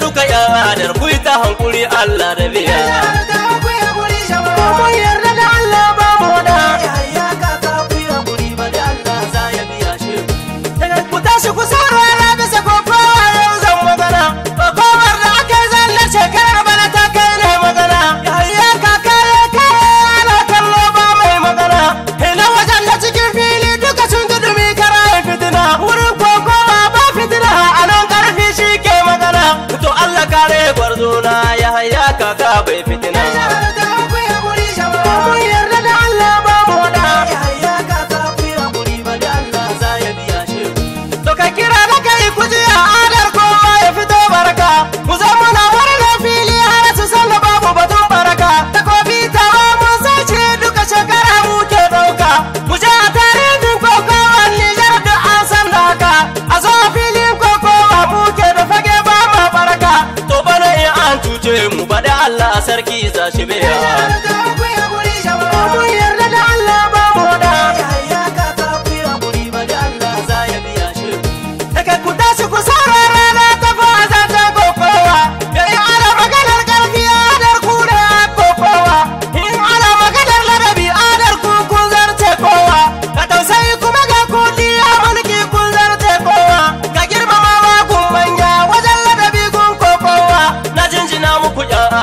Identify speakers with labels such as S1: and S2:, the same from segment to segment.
S1: duka yanar ku ta hankuri Allah da biya gwarzo na ya haya kaka bai fitina. Ya shahara ta kuya guri yarda da Allah ba Ya haya kaka guri ba da ya biya shi. kira La sarki za shi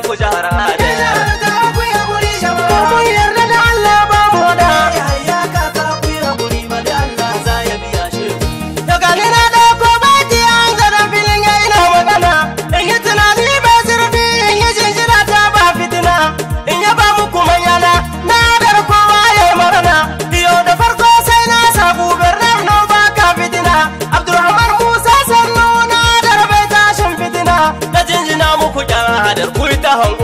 S1: gidan ku jihar Oh.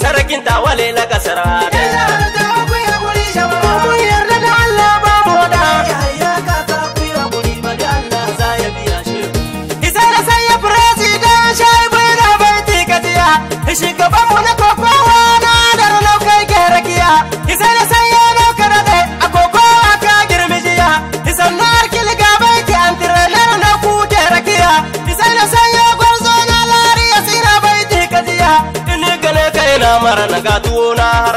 S1: sarakin tawale na kasar ga tuwo na har